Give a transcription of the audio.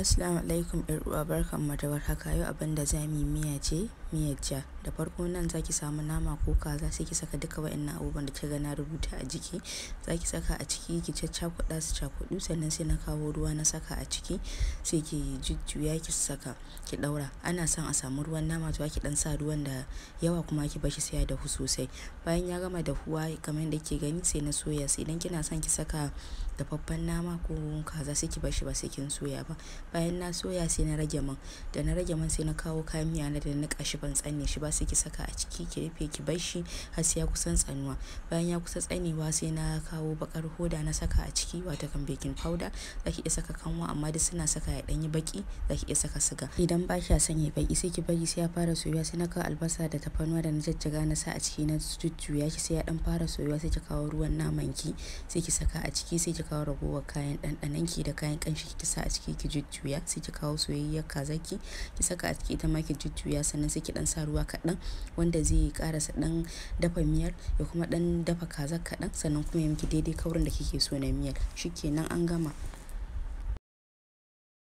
Assalamu alaikum uwa barkan mu da warhaka yau abin da zamu yi miya ce miyar ja da farko nan zaki samu nama ko kaza sai ki saka duka wa'annan abubuwan da kika na rubuta a jiki zaki saka a ciki ki caccakuɗa su cakuɗu sannan sai na kawo ruwa na saka a ciki sai ki jujjuya ki saka ki ɗaura ana son a samu ruwan nama to ki dan sa ruwan da yawa kuma ki bashi sai ya dahu sosai bayan ya gama dahuwa kamar yadda kike gani sai na soya sai idan kina son ki saka dafaffen nama ko kaza sai ki bashi ba sai kin soya ba bayan na soya sai na rage man da na rage man sai na kawo kayan miya na da na shi ban tsanne shi ba sai ki saka a ciki ki rufe ki bar shi har sai ya kusan tsanuwa bayan ya kusa tsanewa sai na kawo bakar hoda na saka a ciki wato kan baking powder zaki iya saka kanwa amma duk suna saka ya danyi baki zaki iya saka suga idan ba a son ya baki sai ki bari sai ya fara soyuwa sai na kawo albasa da tafarnuwa da na jajjaga na sa a ciki na jujjuya shi sai ya dan fara soyuwa sai ki kawo ruwan naman ki sai ki saka a ciki sai ki kawo ragowar kayan dandanan ki da kayan kanshi ki sa a ciki ki jujjuya jujjuya sai ki kawo soyayyar kazaki ki saka a ciki ita ma ki jujjuya sannan sai ki dan sa ruwa kadan wanda zai karasa dan dafa miyar ya kuma dan dafa kaza kaɗan sannan kuma ya miki daidai kaurin da kike so na miyar shikenan an gama